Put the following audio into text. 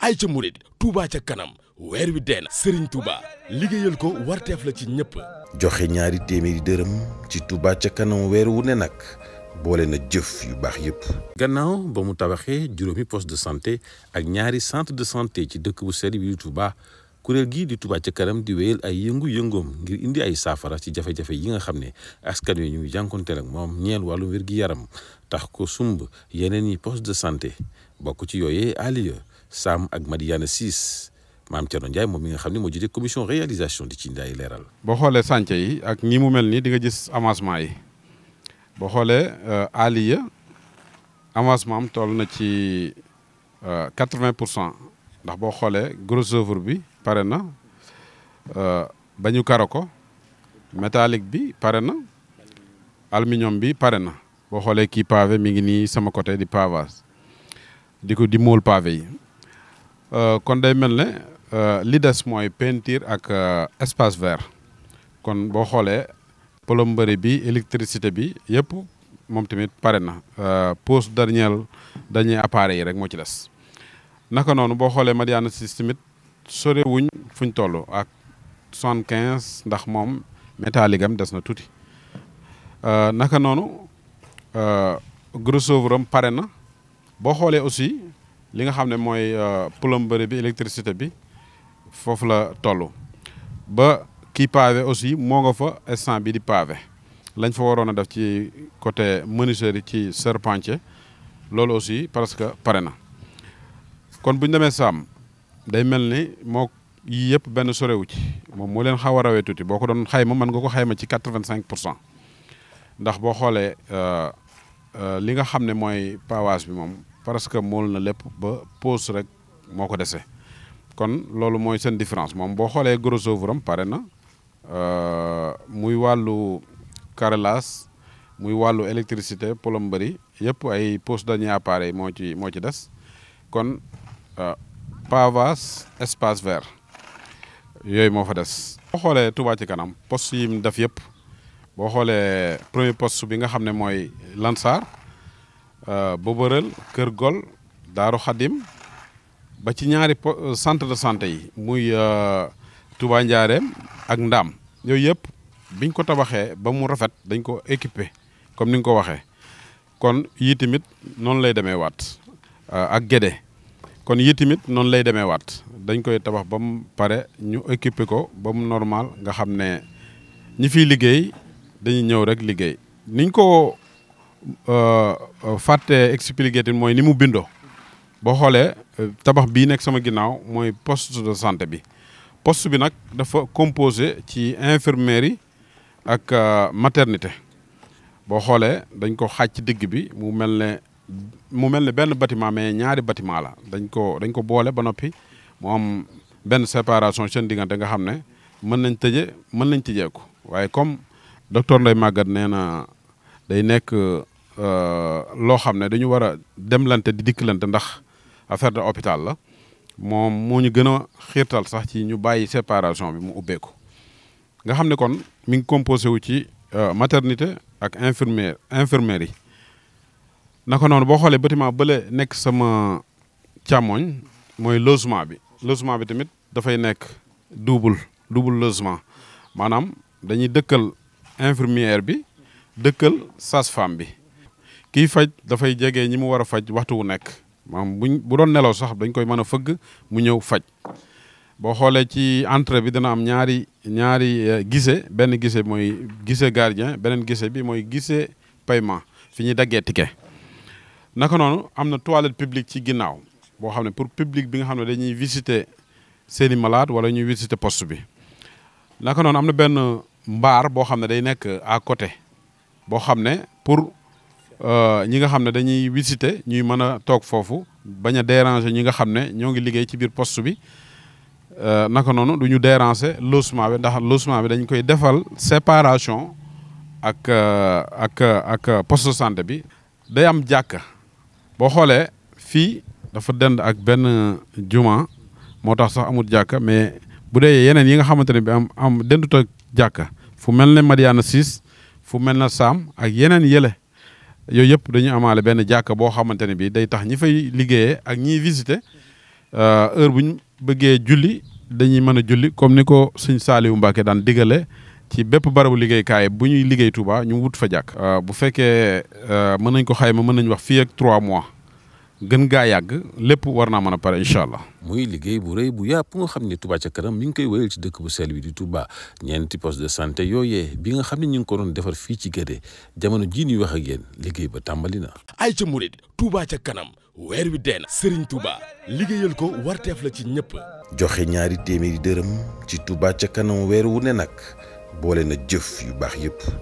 ay ca murit Touba ca kanam weer wi dee na Serigne Touba liggéeyal ko warteef la ci ñëpp. joxe ñaari téeméeri dërëm ci Touba ca kanam weer wu ne nag boole na jëf yu baax yëpp. gannaaw ba mu tabaxee juróomi poste de santé ak ñaari centre de santé ci dëkk bu sell bi Touba. kuréel gi di Touba ca kanam di wéyal ay yëngu-yëngoom ngir indi ay saafara ci jafe-jafe yi nga xam ne askan wi ñu ngi jànkonteel ak moom ñeel wàllu wér-gi-yaram tax ko sumb yeneen yi poste de santé bokk ci yooyee Aliya Sam ak Madiana Ciss maam Thierno Ndiaye moom mi nga xam ne moo jiite commission réalisation di ci ndaay leeral. boo xoolee sànce yi ak ni mu mel nii di nga gis avancement yi boo xoolee euh, Aliya avancement am toll na ci euh, quatre-vingt pour cent ndax boo xoolee gros bi pare na euh, ba ñu karo ko bi pare na aluminium bi pare na boo xoolee kii pavé mi ngi nii sama côté di pavage di ko di mool pavé yi. Euh, kon day mel ne euh, li des mooy peinture ak euh, espace vert kon boo xoolee plomberie bi électricité bi yëpp moom tamit pare na pose dernier dañuy appareil yi rek moo ci des naka noonu boo xoolee Madiana Ciss tamit sorewuñ fuñ toll ak soixante quinze ndax moom métallique am des na tuuti naka noonu gros œuvre pare na boo xoolee aussi li nga xam ne mooy euh, plomberie bi électricité bi foofu la toll ba kii pavé aussi moo nga fa instant bi di pavé lañ fa waroon a def ci côté yi ci charpentier loolu aussi parce que pare na kon bu ñu demee saam day mel ni moo yii yëpp benn sorewu ci moom moo leen xaw a rawee tuuti boo ko doon xayma mën nga ko xayma ci quatre-vingt-cinq pour cent ndax boo xoolee euh, euh, li nga xam ne mooy pavage bi moom parce que mool na lépp ba pause rek moo ko dese kon loolu mooy seen différence moom boo xoolee gros œuvre am pare na euh, muy wàllu carrelage muy wàllu électricité plomberie yëpp ay pose dañuy appareil moo ci moo ci des kon euh, pavage espace vert yooyu moo fa des. boo xoolee Touba ci kanam post yi mu def yëpp boo xoolee premier post bi nga xam ne mooy Lansar. Euh, Boborel Kër Gol Daaru Xadim ba ci ñaari euh, centre de santé yi muy euh, Touba Njaareem ak Ndaam yooyu yëpp biñ ko tabaxee ba mu rafet dañ ko équipé comme ni nga ko waxee kon yii tamit noonu lay demee waat ak Gédé kon yii tamit noonu lay demee waat dañ koy tabax ba mu pare ñu équipé ko ba mu normal nga xam ne ñi fiy liggéey dañuy ñëw rek liggéey niñ ko Euh, fàtte expliqué tin mooy ni mu bindoo boo xoolee euh, tabax bii nekk sama ginnaaw mooy post de santé bi poste bi nag dafa composé ci infirmerie ak euh, maternité boo xoolee dañ ko xaaj ci digg bi mu mel ne mu mel ne benn bâtiment mais ñaari bâtiment la dañ ko dañ ko boole ba noppi mu am benn séparation seen diggante nga xam ne mën nañ tëje mën nañ tëjeeku waaye comme docteur Ndeye Maguette nee na day nekk Euh, loo xam ne dañu war a demlante di dikkalante ndax affaire de hôpital la moom moo ñu gën a xiirtal sax ci ñu bàyyi séparation bi mu ubbeeku nga xam ne kon mi ngi composé wu ci euh, maternité ak infirmière infirmière yi naka noonu boo xoolee bâtiment bële nekk sama càmmoñ mooy logement bi logement bi tamit dafay nekk double double logement maanaam dañuy dëkkal infirmière bi dëkkal sage-femme bi kiy faj dafay jege ñi mu war a faj waxtu wu nekk maanaam buñ bu doon nelaw sax dañ koy mën a fëgg mu ñëw faj boo xoolee ci entrée bi dana am ñaari ñaari eh, gise benn gise mooy gise gardien beneen gise bi mooy gise payman fi ñuy daggee ticket naka noonu am na toilette publique ci ginnaaw boo xam ne pour public bi nga xam ne dañuy visiter seeni malade wala ñuy visiter post bi naka noonu am na benn mbaar boo xam ne day nekk à côté boo xam ne pour Euh, ñi nga xam ne dañuy visiter ñuy mën a toog foofu bañ a déranger ñi nga xam ne ñoo ngi liggéey ci biir poste bi euh, naka noonu du ñu déranger logement bi ndax logement bi dañ koy defal séparation ak euh, ak ak poste de santé bi. day am jàkka boo xoolee fii dafa dend ak benn juma moo tax sax amul jàkka mais bu dee yeneen yi nga xamante ne bi am am jàkka fu mel ne Madiana 6 fu mel na Sam ak yeneen yële. yooyu yëpp dañuy amaale benn jàkka boo xamante ne bii day tax ñi fay liggéeyee ak ñiy visité euh, heure bu ñu bëggee julli dañuy mën a julli comme ni ko sëñ Saaliwu Mbàkke daan diggale ci bépp barabu liggéeykaay bu ñuy liggéey Touba ñu wut fa jàkk euh, bu fekkee euh, mën nañ ko xayma mën nañ wax fii ak trois mois. gën gaa yàgg lépp war naa mën a pare incha allah. muy liggéey bu rëy bu yàpp nga xam ne Touba ca kanam mi ngi koy wéyal ci dëkk bu sell bi di Touba ñeenti poste de santé yooyee bi nga xam ne ñu ngi ko doon defar fii ci Guédé jamono jii ñuy wax ak yéen liggéey ba tàmbali na. ay ca murid Touba ca kanam weer wi dee na Serigne Touba liggéeyal ko war warteef la ci ñëpp. joxe ñaari téeméeri dërëm ci Touba ca kanam weer wu ne nag boole na jëf yu baax yëpp.